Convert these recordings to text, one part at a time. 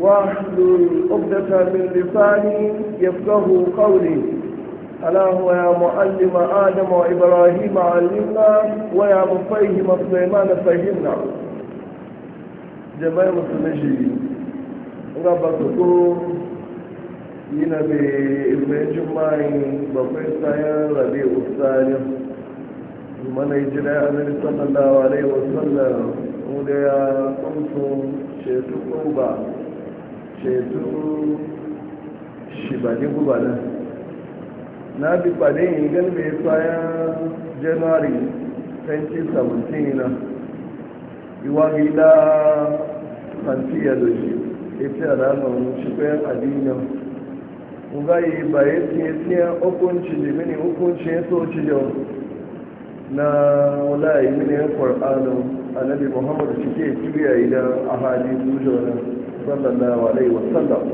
واحلل عقدة من لساني يفقه قولي اللهم يا معلم آدم وإبراهيم علمنا ويا مفهم سليمان فهمنا جماعة المسلمين ربكم yina bai izinin jima'in bakwai sayan rabe usani mana jira ya annabi sallallahu alaihi mu da ya kamsu shetu ba ceto shi bakin gubanin na bi pade yin 2017 na iwagi da santiya da shi ita alamar shikwayen adinan ugayi baye tiye-tiye hukunci ya soci na wulayi ya ƙwar'anin annabi muhammadu cike a hali zuwa sallallahu alaihi wasallam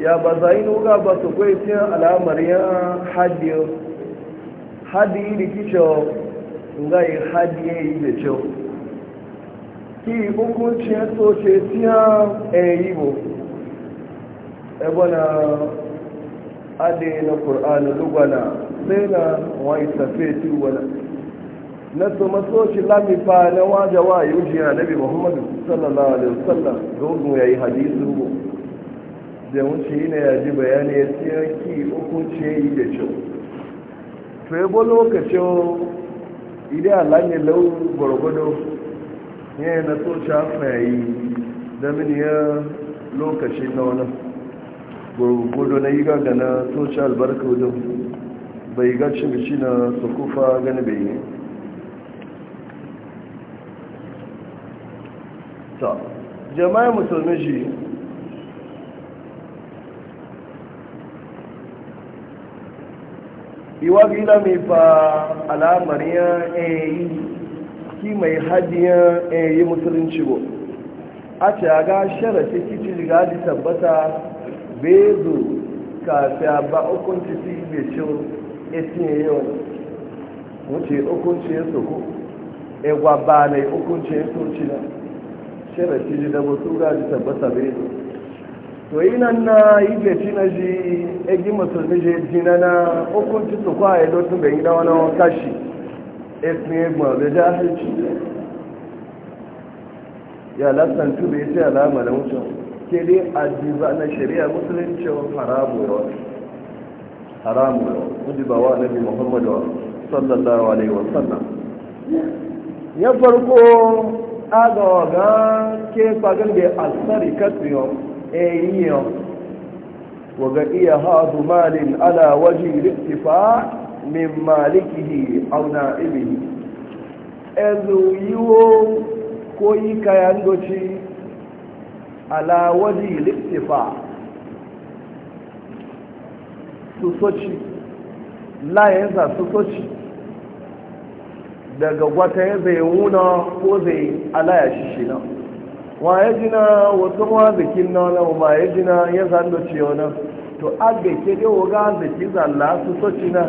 ya ba za yi nuga ba su kwai cin al'amar ya hadi da kicho nga yi hadi yi da ciyo ki hukuncin soce tiya eyi e bo na lugwana sai na wani safe tiwala na su maso shi lami fa na waje wa yi wuce na nabi muhammadu sallallahu alaihi wasallam dogon ya yi hadisi ko da wuce yi na yaji bayani ya tsirki hukunci ya yi da kyau to ya bo lokacin idan alamin lau gwargwado ya na so shi hafa da miniyar lokacin na wani gwargwado na yi gaga na so shi albarka wajen bai gaci shi na sukufa gani bai yi ta jama'a musulmi shi iwa gila mai fa alamariya eyi eh, ki mai hadiya eyi eh, musulunci go a ce a ga shara ce kici ga ji tabbata bezo a ba hukunci su ibe ciwo etinye yau wuce hukunci ya soko egwa ba na hukunci ya soci na sharafi da wasu gaji tabbata bai to yi nan na yi shi na ji egi musulmi je jina na hukunci su kwa ya e dotun bai gida wani kashi efin egma bai ja haici ya lasan tu bai sai alama da mutum ke dai ajiza na shari'a musulunci haramu yawa haramu yawa ujibawa nabi muhammadu sallallahu alaihi wasallam ya farko aga ga ke fagen da alsari katsiyo e yiyo waga iya hadu malin ala waje littifa min malikihi au na'ibihi ezu yiwo ko yi kayan doci ala waje littifa su soci layensa su soci daga gwata ya zai wuna ko zai alaya shi shi nan wa ya jina wasu ma zikin na wani ma ya jina ya zando ce wani to aga ke dai waga zaki zalla su ci na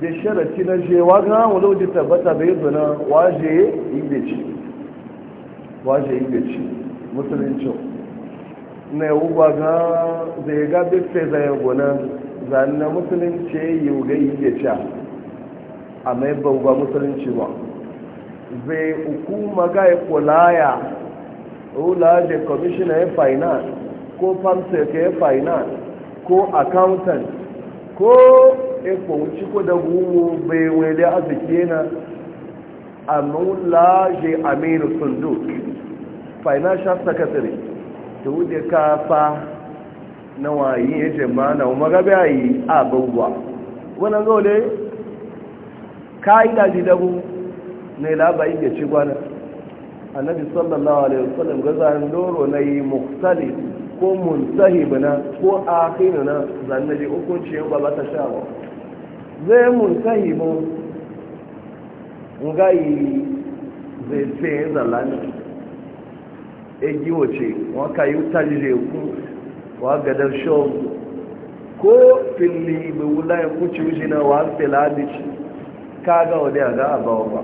da sharaci na je ga wani wajen tabbata bai zuna waje ci waje ci, musulunci na yau ga zai ga bifte zai gona zanna musulunci yi wuga ibeci a mai ba musulunci ba zai hukuma ga ya kulaya rula da commissioner ya finance ko pamsec ya finance ko accountant ko ya kwanci ko da gugu bai wele arziki yana A la je aminu sunduk financial secretary ta wuce kafa na wayi ya jama'a na umarabia yi abubuwa wannan zaune ka'ida ji dabu ne labarin da ci gwanar annabi sallallahu alaihi wasallam ga zan doro na yi muhtali ko muntahib na ko akhiru na zan da ce ba ba ta sha ba zai ga yi zai tsaye zalani e giwo ce. Wa ka yi utali da ku wa gadar shawar ko fili bai wula ya ci wuce na wa fila da kaga wani a ga abawa ba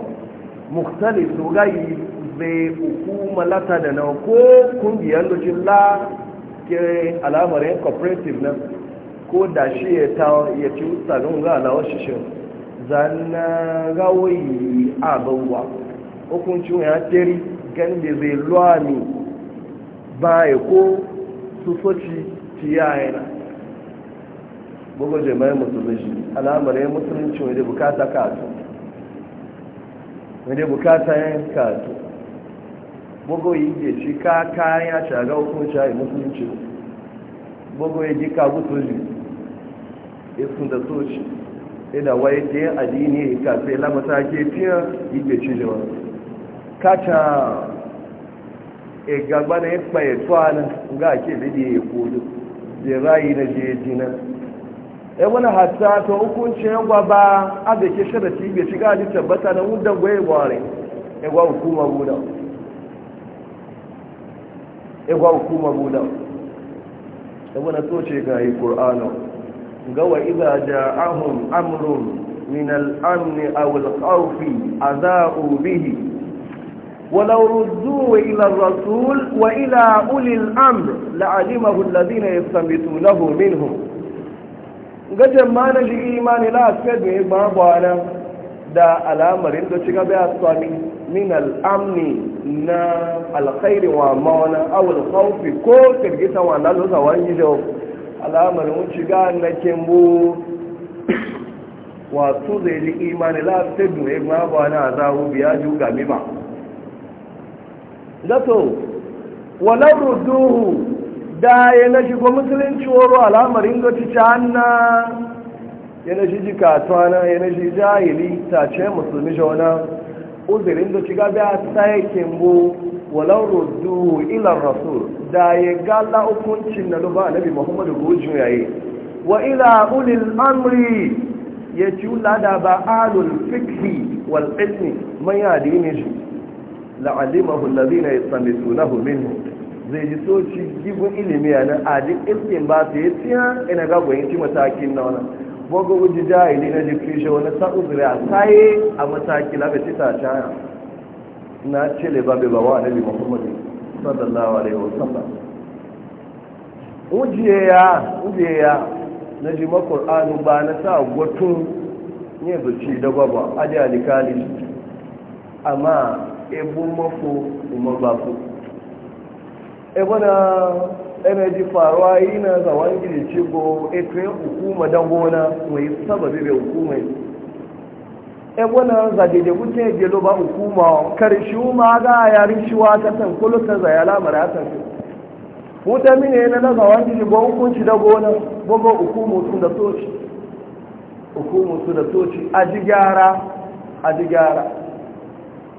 muktali su gai zai hukuma lata da nan ko kungiyar lokacin la ke alamarin cooperative nan ko da shi ya ta ya ci wuta ga ga alawar shishin zanna gawayi abawa hukuncin ya teri gan da zai luwa ni baya ko su soci ti ciyayen bugu jami'ai musulunci Alamar ya musulunci wadda bukata kato wadda bukata yin kato bugu yi ke ci ka kayan ya shaga hukunci shayi musulunci bugu yi gika gutuji isun da soci ina waye ke yin adini ya kafe lamata ke fiye yi ke ci jiwa kacha igagba e na ya kpaye tuwa na ga ke yi ya kudu zai rayu na je e wani hatta to hukuncin yagwa ba a da ke sharafi bai shiga ji tabbata na wudan gwaye gware yagwa hukuma budan yagwa hukuma budan e wani toce ga yi ƙur'anu ga wa iza ja'ahum amrun min al'amni aw al-khawfi adha'u bihi ولو ردوا إلى الرسول وإلى أولي الأمر لعلمه الذين يستنبتونه منهم gajen mana shi imani la sai da ya gbagbana da al'amarin da ci gaba sami min al'amni na alkhairi wa mawana awul khawfi ko kirgita wa lalo sa wani jo al'amarin wuce ga na kimbo wato zai ji imani la sai da ya za a zahu biya ju gami ba gato walar ruduhu da ya na shigo musulunci woro al'amarin ga ci na ya na shi jikatuwa na ya na shi jahili ta ce musulmi shauna uzirin da shiga biya tsayakin bu walau rudu ilar rasul da ya gala hukuncin na luba nabi muhammadu gujin yayi wa ila ulil amri ya ci lada ba alul fikhi wal ilmi man yadi ne shi ya allazina yastamistunahu minhu zai ji so soci gibin ilimi a nan ajin iskin ba su yi tiya ina gagwa yanki matakin na wani bogo wuji jahili na jikin shi wani sa'un zuri a saye a mataki labe ci tashaya na cile ba bai bawa annabi muhammadu sallallahu alaihi wasallam ujiye ya ujiye ya na ji makur'anu ba na sa gwatun ne zuci da gwagwa ajiya likali amma ebu mafo kuma ba su ebana energy ji faruwa yi na zawon gidi cigo eto ya hukuma don gona mai sababi bai hukuma yi ebana zadede wuce gelo ba hukuma karshe ma ga yarin shiwa ta san za ya lamara san fi wuta mine na na zawon gidi ba hukunci da gona gogo hukuma sun da toci hukuma sun da toci a ji gyara a ji gyara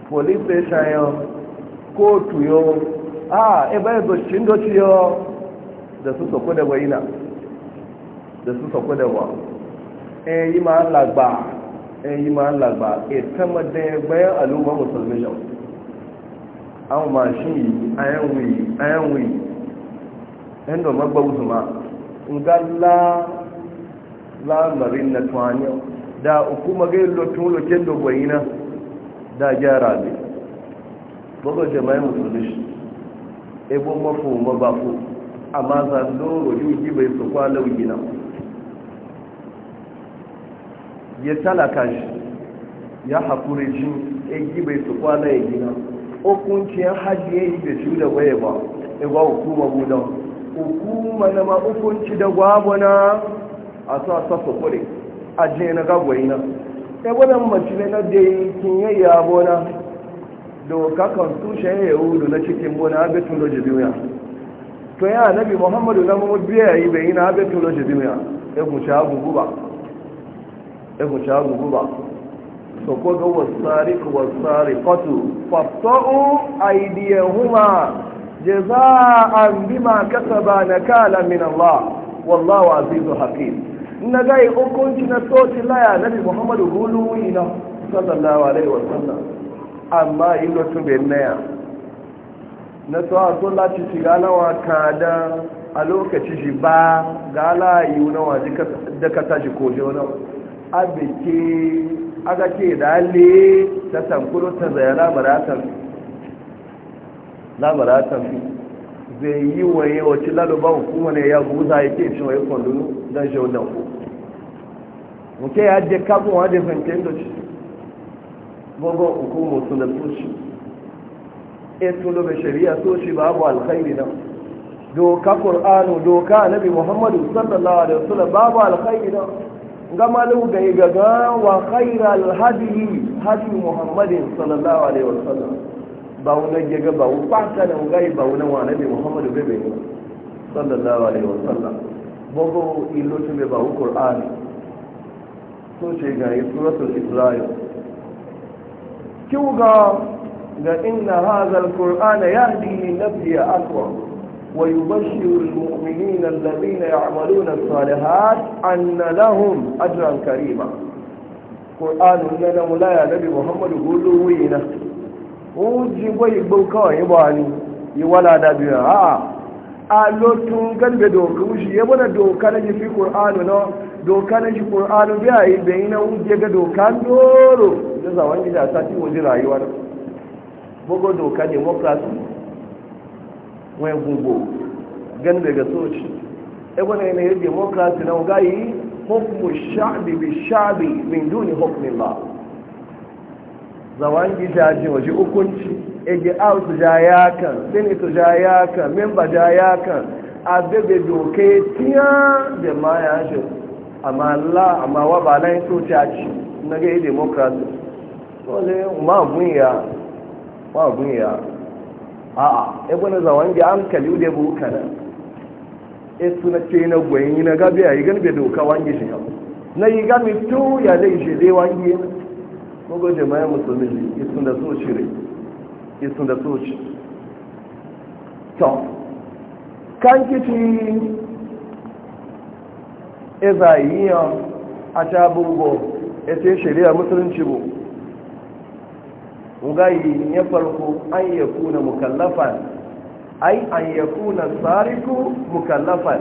police station kotu yau a e bai zocin dociyo da su sako da waina da su sako da wa e yi ma lagba e yi ma lagba e ta madaya bayan al'umma musulmi yau an shi yi ayan wuyi ayan wuyi yan da magbautu ma ngalla lamarin na tuwaniyar da hukuma ga yin lotun lokin da waina da gyara ne bugu jama'in musulmi ebo mafi ma ba ku amma zando rojuji bai su kwalau gina ya talaka shi ya hapụrụ shi eji bai su kwalau ya gina hukunciyar hajji ya yi da shi da waye ba igwa hukuma gudan hukuma na ma hukunci da gwabana a sa sassa kure a je na gagwai na ebonan mace na dai ya yayya na. doka kan tushen yahudu na cikin wani abetun da jibiya to ya nabi muhammadu na mabiya yi bai yi na abetun da jibiya ya guce agugu ba ya guce agugu ba so ko ga wasari ku wasari kwatu fafta'u aidiyahuma jaza'an bima kasaba nakala min allah wallahu azizu hakim na gai hukunci na soci laya nabi muhammadu gulu ina sallallahu alaihi wasallam amma ilo tube naya na tsawa sun lati ci galawa da a lokaci shi ba gala yi wuna waje da ka tashi koje wani abike aga ke dale ta tankuro ta zaya labaratan fi zai yi waye wacce laluban hukuma ne ya guza ya ke cin waye kwandunu don shaudan ku muke ya je kafin wajen fankin da shi bugun hukumu su da soci eto da shari'a soci babu alkhairi nan doka ƙur'anu doka nabi muhammadu sallallahu alaihi wasallam babu alkhairi nan gama luga yi gaga wa khairal hadiyi hadi muhammadin sallallahu alaihi wasallam ba wunan gaga ba wu fata da wugayi ba wunan wa nabi muhammadu bebe ne sallallahu alaihi wasallam bugu ilotu bai ba wu qur'ani so ce ga yi suratul isra'il kiwuga ga inna hazal qur'ana yahdi lin ya aqwa wa yubashshiru mu'minina alladhina ya'maluna as-salihat anna lahum ajran karima qur'anun nana mulaya nabi muhammadu gulu wina uji goyi bauka yi bani yi wala da biya a a lotun galbe doka wushi ya na doka na jifi qur'anu no doka na shi ƙur'anu biya yi bai na wuje ga doka doro da zawon gida ta ci waje rayuwa na bugu doka demokrasi wai gugu gan daga soci Ebona yana yi demokrasi na wuga yi hukumu sha'abi bi sha'abi min duni hukumin ba zawon gida ji waje hukunci ege out ja kan senator ja kan memba ja yakan abebe doke tiya da ma ya shi amma la amma wa ba lai so ta ci na ga yi demokrasi wale ma gunya ma gunya a a ebe na zawon ga an kali da bu kana e suna ce na gwayin na gabe a yi gani bai doka wangi shi na yi mi to ya dai shi dai wangi mugo jama'a musulmi e isun da so shi e isun da so shi to kan kici eza yiyan a ta burgo ita shari'a musulunci bu ngayi ya farko an ya kuna mukallafan ai an ya kuna tsariku mukallafan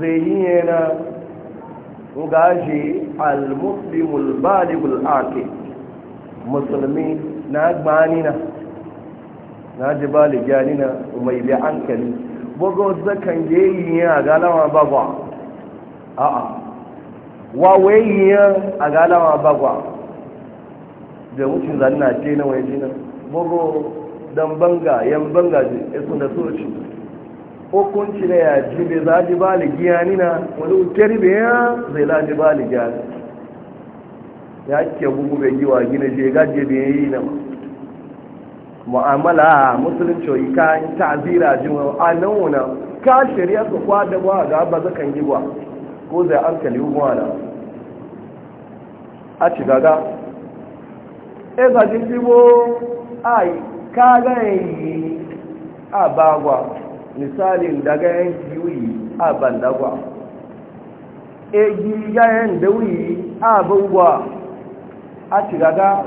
zai yi yana ngaji al-muslimul baligul ake. musulmi na gbanina na ji baligyani na mai bi hankali bugo zakan je yi a galama bagwa a'a wa yin a galama bagwa da mutum zanna ce na waje na bugo dan banga yan banga ji e su da soci hukunci ne ya ji bai za ji baligi ya nina wani ukeri bai ya zai la ji baligi ya ya ke bugu bai yi wa gina je gaje bai yi na ma mu'amala musulunci yi kayan ta'azira jin a nan wuna ka shari'a su kwada ba ga ba zakan yi ba ko zai an kali wana a ci gaga e za ji a yi kaga yi a bagwa misalin daga yan yiwuyi a bandagwa e gi yayan dauyi a bangwa a ci gaga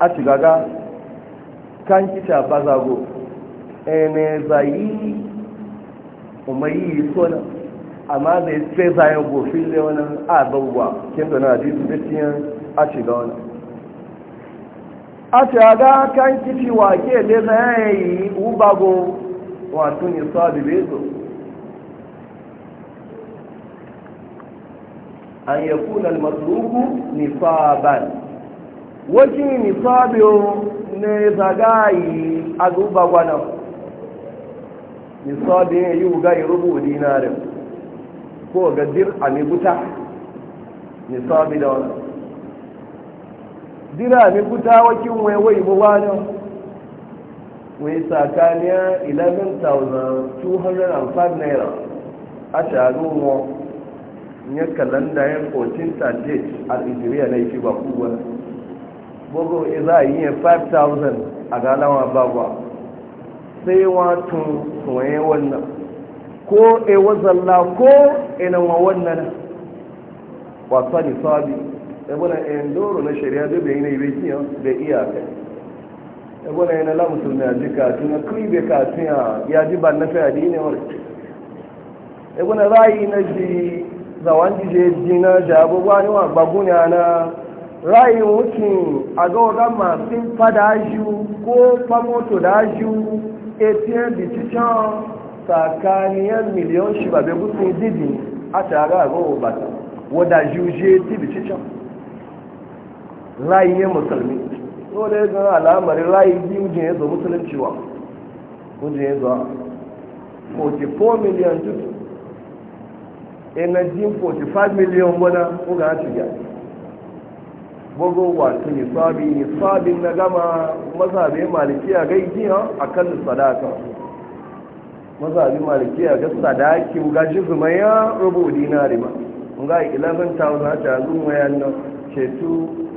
a ci gaga kan kica ba zago ene eh, zayi umayi sona amma zai tse zayen gofin da wani abubuwa kin da na hadisu bitiyan a ci ga wani a ci gaga kan kici wake da zayayi ubago wato ne sabi bezo an yakuna al-masruku nisaban wajen nisabi ne zagayi a nisabi ya yi wugayi rubu dinarin ko ga dir a nisabi da wani dira miguta wakin waiwai bu wani wai tsakaniya 11,205 naira a shahararun wa ya kalanda ya 14 target al na ifi ba gbogbo za a yi yẹn 5,000 a galawa babuwa sai watun suwaye wannan ko e wazalla ko inawa wannan wasa da sabi ebuna endoro na shari'a da bai yi bai kiyan da iyaka ebuna yana lamusul na ji katu na kribe katu ya ji ban na fadi ne wani ebuna ra'ayi na ji zawan jije jina da abubuwa ne wa gbaguna na ra'ayin wucin a ga waga masu fada ju ko famoto da ju etiyar cikin sakaniyar miliyon shi ba bai gusun didi a tara ga obata wadda juje ti bitican ra'ayin musulmi wadda ya zana al'amarin ra'ayin biyu jin yanzu musulunci wa kujin yanzu 44 miliyan tutu energy 45 miliyan wadda ko ga ci gani gogo wato nisabi nisabin na gama mazabe malikiya ga igiya a kan sadaka mazabe malikiya ga sadaki ga jizuma ya rubu dina rima ga 11,000 ta zuwa yan nan ce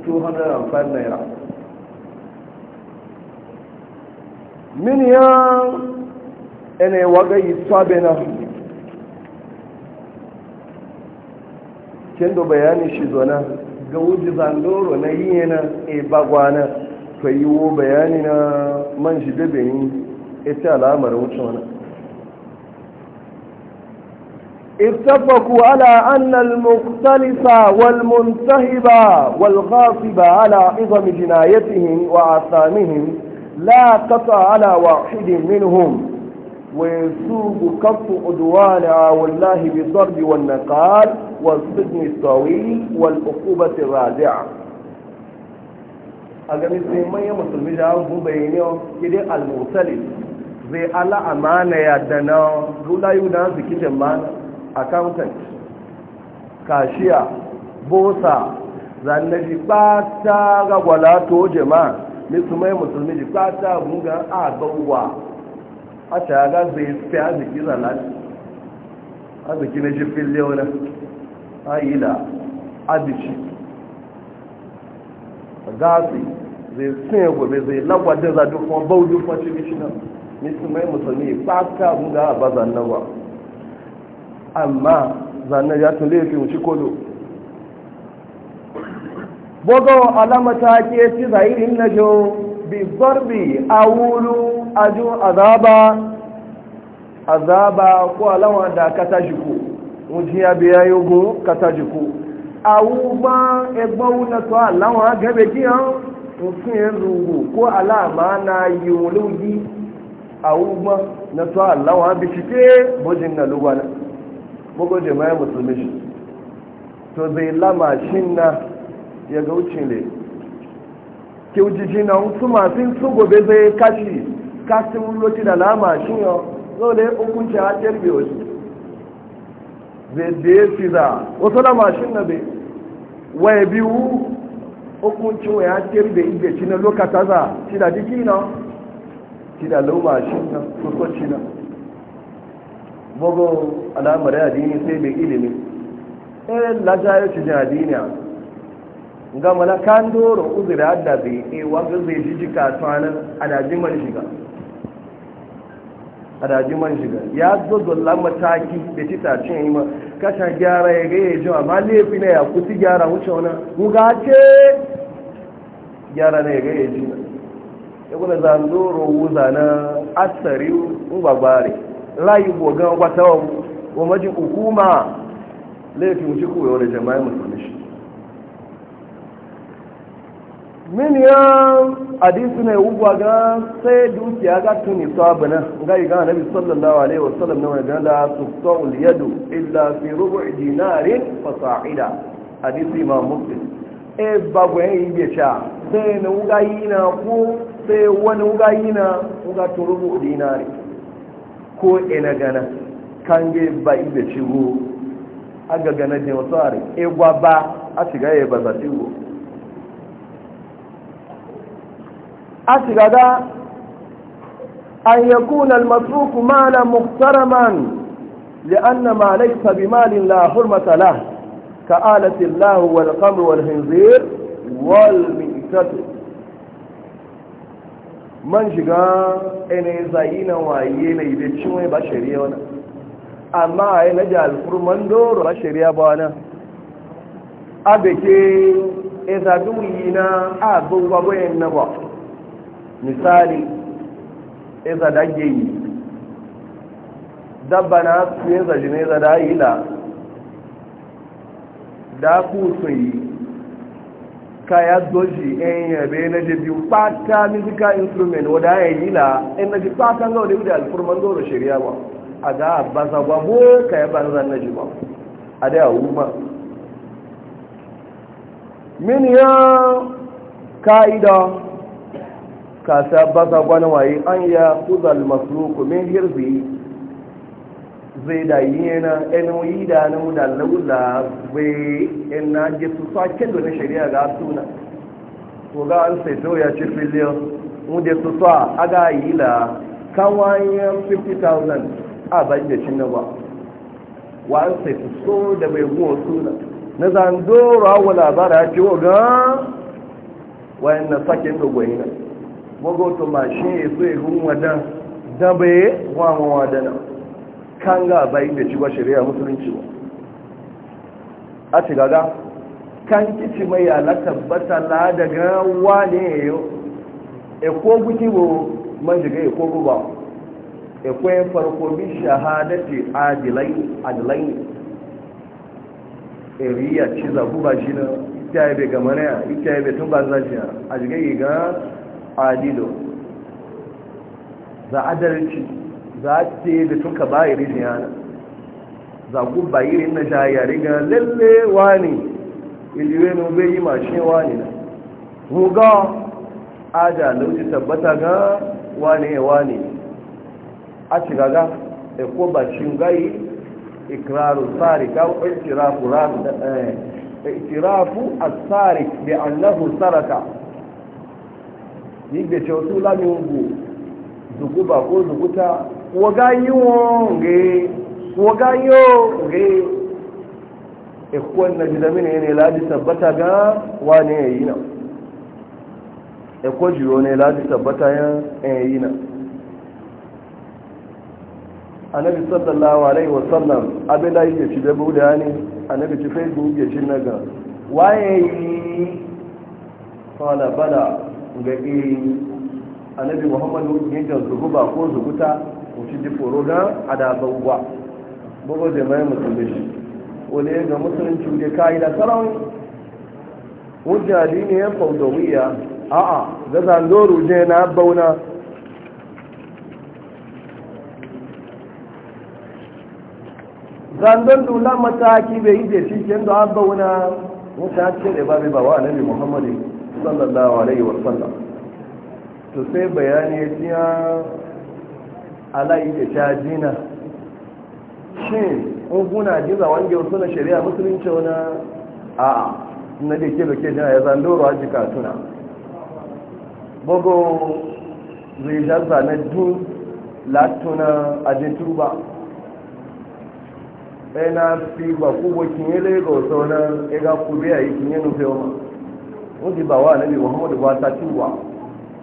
200,000 naira min ya ene waga yi sabi na kendo bayani shi zo na ga wuji zandoro na yi yana e bagwana ta yi wo bayani na man shi bebe ni ita al'amar wuce wani اتفقوا على أن المختلف والمنتهب والغاصب على عظم جنايتهم وآثامهم لا قطع على واحد منهم ويسوق كف عدوانها والله بالضرب والنقال والسجن الطويل والعقوبة الرادعة a gani sai manyan musulmi da an gube ne al zai ala amana ya da na rulayu na su kitchen man accountant kashiya bosa zanne ji ta ga to jama'a ni su mai musulmi ji bata gungan a ta ga zai fi arziki zanati arziki na jifin leonar a yi da abici gasi zai tsaye gobe zai lagwadin zaɗi kuma bauɗi fashi mishinan nisan mai musulmi ba ta guda ba zannan ba amma zannan ya tun laifin wuce kodo bogo alamata ke ci zahirin na jo bi zarbi a wulu ajin azaba azaba ko alawa da kata jiku wujin ya biya yogo kata jiku awuba egbon na to alawa gabe kiyan ofin rugu ko alama na yiwulugi awuba na to alawa bishike bojin na lugwana bugu jama'a musulmi shi to zai lama shin na ya ga gauce ne kyau jiji na wasu masu su gobe zai kashi kasi wuloci da lama shi yau dole hukunci a jirbe wasu zai da ya fi za wasu lama mashin na bai waye biyu hukunci wa ya jirbe ibe shi na lokata za shi da jiki na shi da lama shi na e kusurci na bugu alamar ya dini sai bai ilimi eh lajayo ci jadini ga malakan doro uzuri adda zai e wanda zai jijika tsanin adajin man shiga raji man shiga ya zo zozolla mataki da tita cin yi ma kasha gyara ya ga ya jima ma laifi na ya kuti gyara wuce wani guga ce gyara na ya ga ya jima ya kuna zandoro rohu zana asari ngbagbari layi gogon wata wa majin hukuma laifin wuce koyo da jama'a musulmi shi min yan hadisi ne ugwa ga sai dukiya ga tuni su nan ga yi gana nabi sallallahu alaihi wasallam na wani su tuktawul yadu illa fi rubu dinarin fasa'ida hadisi ma mutu e babu yan yi bai sai na uga yi na ko sai wani uga yi na uga tun rubu dinari ko ina gana kan ge ba ibe shigo aga gana jin wasu e gwa ba a shiga ya ba za shigo اسغدا ان يكون المتروك مالا محترما لان ما ليس بمال لا حرمه له كآلة الله والقمر والهنزير والميتات من جاء ان زين وعين يدشوا بشريونا اما أن جاء الفرمان دور بشريا بانا ابيكي اذا دوينا ابو بابين نبوه misali iza dage yi dabba na su yin zaji ne za da yi la da ku su yi kaya doji yan yabe na ji biyu pata musical instrument wadda ya yi la in na ji pata ga wadda da alfurman doro shari'a ba a ga basa gwabo kaya banzan na ji ba a da yawu ma min ya ka'ida kasa ba sa gwana waye an ya kuzal masruku min hirzi zai da yi yana ɗan yi da na muda laula bai ina na je su sa kendo na shari'a ga suna to ga an sai to ya ci mu muda su sa aga yi la kawayen 50,000 a ban da cin ba wa an sai su so da bai go suna na do wa labara ce wa ga wa na sakin da gwainan wagoto mashin ya so ya hun wadan dabaye wa mawadana kan ga bayin da ci ba shari'a musulunci ba a ci gaga kan kici mai ala tabbata la daga wane yayo e ko guki bo man e ko guba e farko bi shahadati adilai adilai e riya ba shi na ita yabe ita yabe a ga adilu za adalci za ce da tuka bayiri rishin yana za ku bayi rin na yare ga lalle wani iliwenu bai yi mashin wani na ruga aja lauci tabbata ga wani wani a cigaga da e ko bacin gai ikiraru tsari ga ikirafu a tsari da annahu saraka nígbè tí ó tún lámì ògbò zùkúbà kó zùkúta wọ́gá yíwọ́n gẹ́ wọ́gá yóò gẹ́ ẹ̀kọ́ nàìjíríà ní láti sàbátà gan wà ní ẹ̀yìn náà ẹ̀kọ́ jùlọ ní láti sàbátà ẹ̀yìn náà annabi sallallahu alaihi wasallam abin da yake ci da buda ne anabi ci facebook ya ci naga waye yi fala bala ga e annabi muhammadu yankin zugu ba ko zuguta wuce ji foro na adabauwa bugu da mai musulmi shi wani ga musulunci da kayi da sarawun wujja ne ya a a'a ga zandoro je na bauna zandon dula mataki bai yi da shi kyan da abbauna ce da babu ba wa annabi muhammadu sallallahu alaihi wasallam to sai bayani ya tiya alaike ta jina shin unguna jiza wange wasu na shari'a musulunci wani a na da ke doke jina ya doro a tuna bugu zai jaza na dun latuna a jituba ɗaya na fi ba kubokin kinye lagos wani ya ga kubiya a yi kinye nufe wadda ba wa nabi muhammadu ba ta ciwa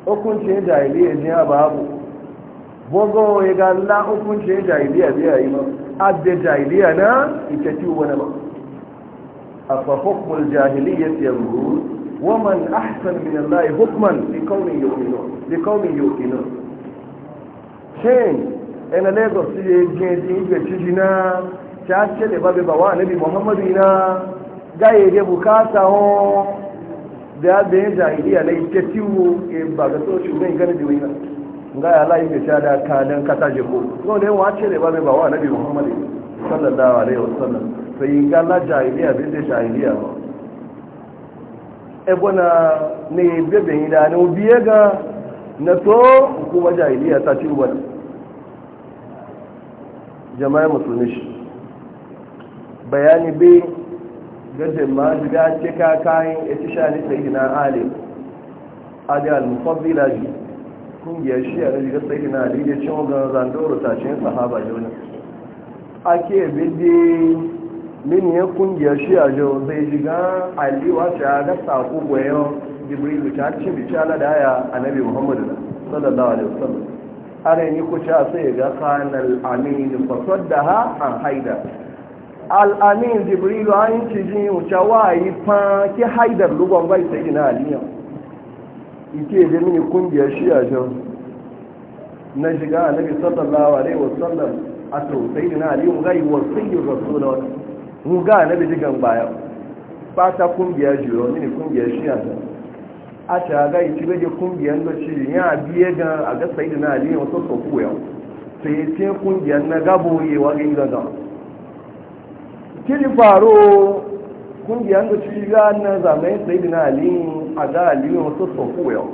hukuncin jahiliya ne a babu bogo ya ga la hukuncin jahiliya biya yi ba abda jahiliya na ita ciwa na ba a fafokmul jahiliya yanzu waman ahsan min Allah hukman li kaumin yuqinun li kaumin yuqinun shin ina lagos ye jeji ibe tijina ta ce le babe ba wa nabi muhammadu na. gaye de bukata on da da yin jahiliya na ita tiwo e ba ga so shi zai gani da wani ga ya layi da shada ka dan kasa je ko so ne wa ce ne ba mai ba wa nabi muhammad sallallahu alaihi wasallam sai ga la jahiliya bin da jahiliya ba e na ne bebe ni da no biye ga na to kuma jahiliya ta ci ubana jama'a musulmi bayani bai gajin ma shiga cika kayan ya ci shani sai na ali adi al-mufaddila ji kungiyar shi a rigar sai na ali da cin ogan zandoro tashin sahaba jona ake bidi min ya kungiyar shi a jo zai shiga aliwa shi a ga sako goyon jibril ta bi bicala da haya annabi muhammadu sallallahu alaihi wasallam ni ku kuce sai ga kanal amin fasaddaha an haida al'amin jibrilu an ci ji wuce wayi fan ki haidar lugon bai sai ina aliyu ike je mini kungiyar shi a jan na shiga a nabi sallallahu alaihi wasallam a tausayi ina aliyu mu gai wasayyar rasu da wata mu ga nabi jigan baya fata kungiyar jiro mini kungiyar shi a jan a ta ga yi cibe kungiyar da shi ya biye ga a ga sayi ina aliyu wasu sokuwa sai ce kungiyar na gaboyewa ga gaza kiri faro kungiyar da ci na zamanin sayidina ali a ga aliyu wasu sofu yau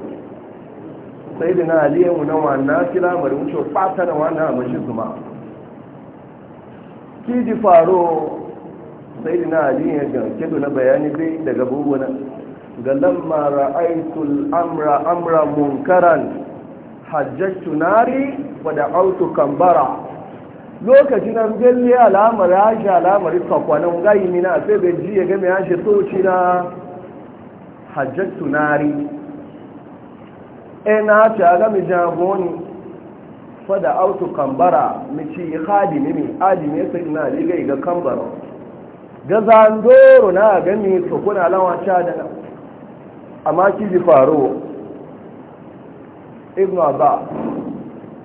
sayidina ali mu na wannan kira bari wucewa fata na wannan amashi zuma kiji faro sayidina ali ya ga kedu na bayani dai daga buwana ga lamma ra'aytul amra amra munkaran hajjatu nari wa da'awtu bara lokaci nan gelle alamar ya shi alamar kakwanin gayi mina a ji ya game ya shi toci na hajjattu tunari ina e na ce a gami jagoni fada autu kambara yi haɗi mimi haɗi mai e sai na ligai ga kambara ga zandoro na gami kakuna lawan cadana amma ji faro ibn abba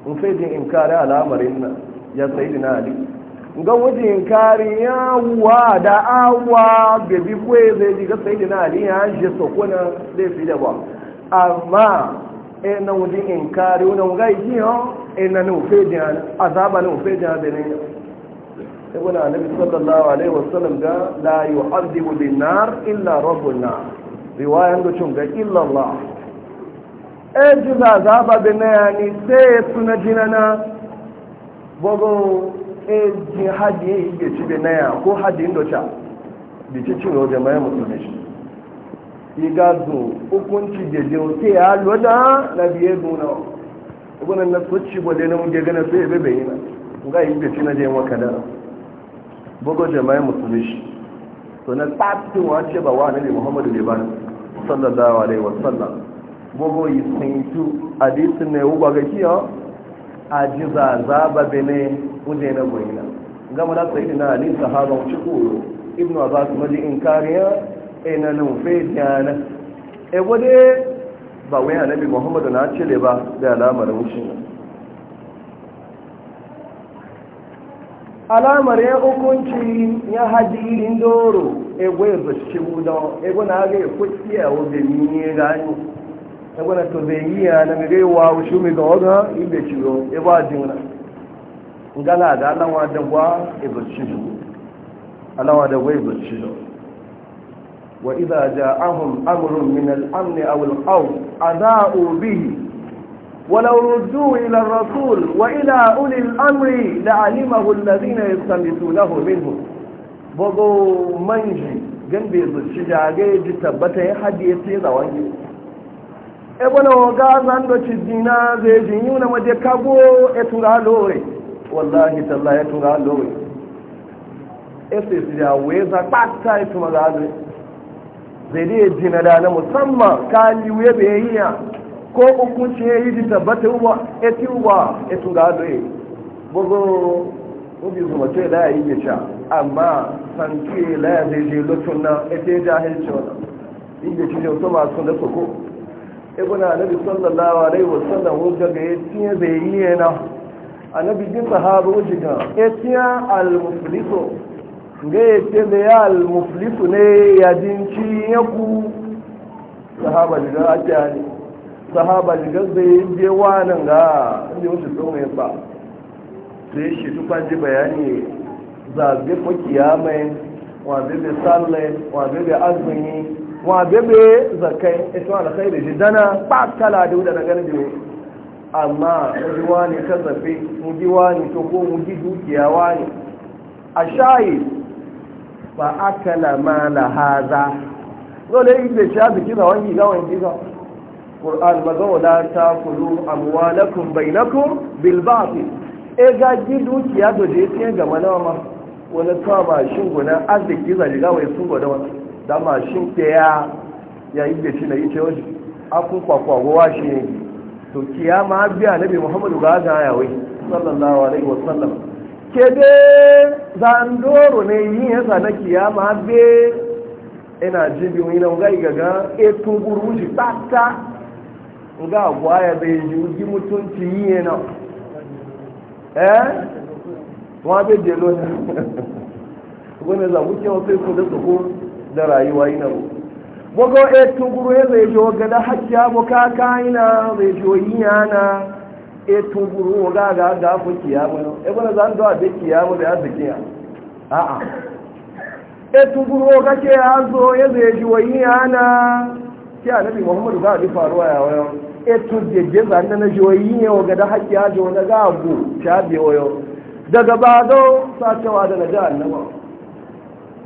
in fai din kare alamarin nan ya sayi na ali ga wajen kari wa da awa bi kwe zai ji ga sayi na ali ya je sokona zai fi da ba amma ina e wajen in kari wani ga yi yau ina e na na da jihan azaba e na ufe jihan da ne ibn annabi sallallahu alaihi wasallam ga la yu'adhibu bin nar illa rabbun riwaya riwayan da cin ga illa allah e jiza azaba bin yani sai suna jinana bugun ejin hadi ya yi ci be naya ko hadi indocha bi ci cin rojo mai musulmi shi iga zo hukunci da jauke ya loda na biye gona gunan na soci bode na muke gana sai ebe bai yana ga yi beci na jin waka dara bugun jama'i musulmi shi so na tsafin wace cheba wa nabi muhammadu ne ba sallallahu alaihi wasallam bugun yi sun yi tu hadisin ne wuba ga kiyo ajiza zaba bene kuje na goyina gama da sai na ali sahaba wuce kuro ibnu abbas maji in kariya e nan fe jana e ba wai annabi muhammad na cile ba da alamar mushin alamar ya hukunci ya haji irin doro e gwe zuci budan e na ga ya kwaciya wa ga yi saboda to zai yi ya na gai wa wushe mai ga waga inda ciro ya ba jimna gana da alawa da gwa ibirci su alawa da gwa ibirci su wa idha ja'ahum amurin min al-amn aw al-khawf amri da ولو ردوا إلى الرسول وإلى أولي الأمر لعلمه الذين يستمتونه منه بضو ji, Ebona na oga za ndo ci dina zai ji yi na maje kago e e e ya tura lore wallahi talla ya tura lore ss ya waye kpata ya tura lore zai dai jina da na musamman kali wuye bai yi ya ko hukunci ya yi ji tabbata uwa eti ti uwa ya tura lore bugu ubi zuma ce da ya yi ya sha amma sanki la ya zai je lotun nan ya ce jahilci wannan soko ibn annabi sallallahu alaihi wasallam wuga ga yatiya zai yi yana annabi din wuce ga yatiya al-muflisu ga yatiya da ya al-muflisu ne ya dinci yaku sahaba diga atiya ne sahaba diga zai je nan ga inda wuce so mai ba sai shi tufa ji bayani zabe fa kiyamai wa bebe sallai wa bebe azumi wa bebe zakai ito alkhairi ji dana ba kala da wuda daga nabi amma mujiwa ne ta zafi mujiwa ne to ko dukiya wa ne a shayi ba akala ma la haza dole yi bai sha biki da wani ga wani ga ba zo la ta kulu bai na kun batil e ga ji dukiya to je tiyan ga ma. wani kama ba shin gona arziki zaliga yi sun gwada wani da shi ke ya yayin da shi na yi ce wasu akun kwakwagwa shi ne to kiyama biya nabi muhammadu ga a yawai sallallahu alaihi wasallam ke de doro ne yin yasa na kiyama be ina jibi wani nan ga gaga e tunguru shi tata ga ya bai yi mutunci yi yana eh wọn bẹ jẹ lónìí wọn ni zàbúkẹ́ wọn fẹ́ kó da rayuwa yi na bu bogo e tunguru ya zai jo ga da hakkiya bo ka zai jo yi yana e tunguru ga ga ga ku kiya bo e bana zan do a kiyamu da bo da azkiya a a e tunguru ga ke azo ya zai jo yi yana ki annabi muhammadu ga bi faruwa ya wayo e to jeje zan na jo yi ne ga da hajjia jo na ga bu ta bi wayo daga bado sa cewa da na ga annabawa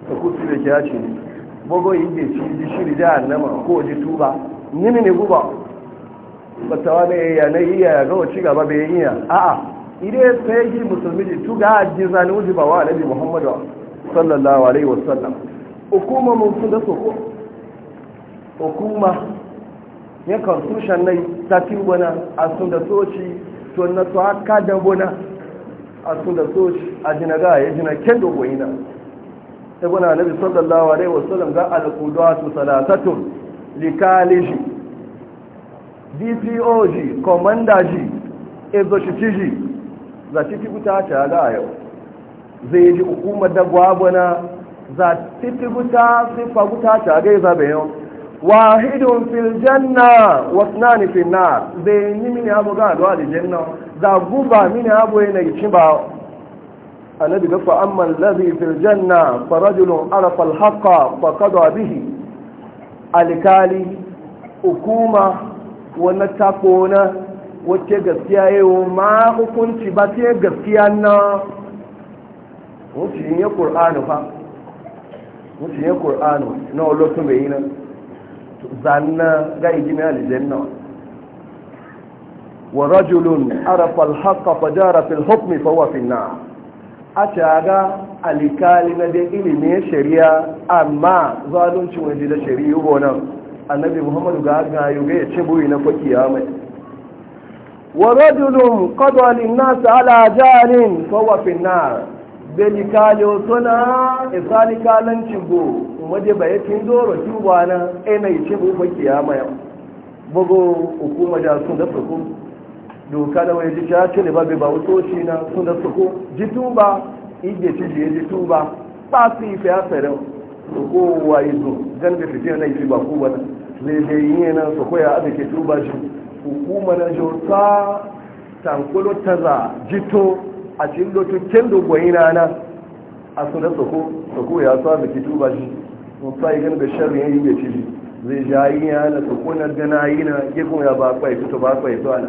ka kusa da kyace ne gbogbo yi ke ci ji shiri nama ko ji tuba nini ne guba bata wani ya na iya ya ga ci gaba bai yi iya a'a ide sai yi musulmi ji tuga a ji ne wuji ba wa alabi muhammadu sallallahu alaihi wasallam hukuma mun sun da soko hukuma ya tushen nai ta wana a sun da soci to na to haka da bona a sun da soci a jinaga ya jina kendo na. ibn annabi sallallahu alaihi wasallam ga al-qudwatu salatatun komanda dpog komandaji ezochiji za titi guta ta ga yau zai ji hukumar da gwabana za titi guta sifa guta ta ga za bayan wahidun fil janna wa tsanani fil nar zai yi mini abu ga adwa da janna za guba mini abu yana yi cin ba الذي قال فأما الذي في الجنة فرجل عرف الحق فقضى به الكالي أكومة ونتاقونة وكي قسيا يوما وكنت باتي قسيا وكي قرآن ها وكي قرآن نو الله سمعينا زنة غير جميع الجنة ورجل عرف الحق فجار في الحكم فهو في النار a taga alikali na da ilimin shari'a amma zalunci waje da shari'u gonan annabi muhammadu ga gayu ga ya ce buyi na ya mai wa rajulun qada lin nas ala jarin fa huwa fi nar belikali suna isali kalan cibo waje bai tin doro tuba na ai mai ce bu ya mai bugo hukuma da sun da farko doka da wani jita ce ne babu ba shi na sun da suko jitu ba ige ci je jitu ba ba su yi fiya fere suko wa yi zo gan da fitiyar na yi ba ku bana da yi na suko ya abu ke tuba shi hukumar na jota tankulo ta za jito a cikin kendo dogoyi na na a suna da suko suko ya su abu ke tuba shi musa yi gan da sharri yi ge ci zai jayi ya na suko na gana yi na gegun ya ba kwai fito ba kwai zuwa na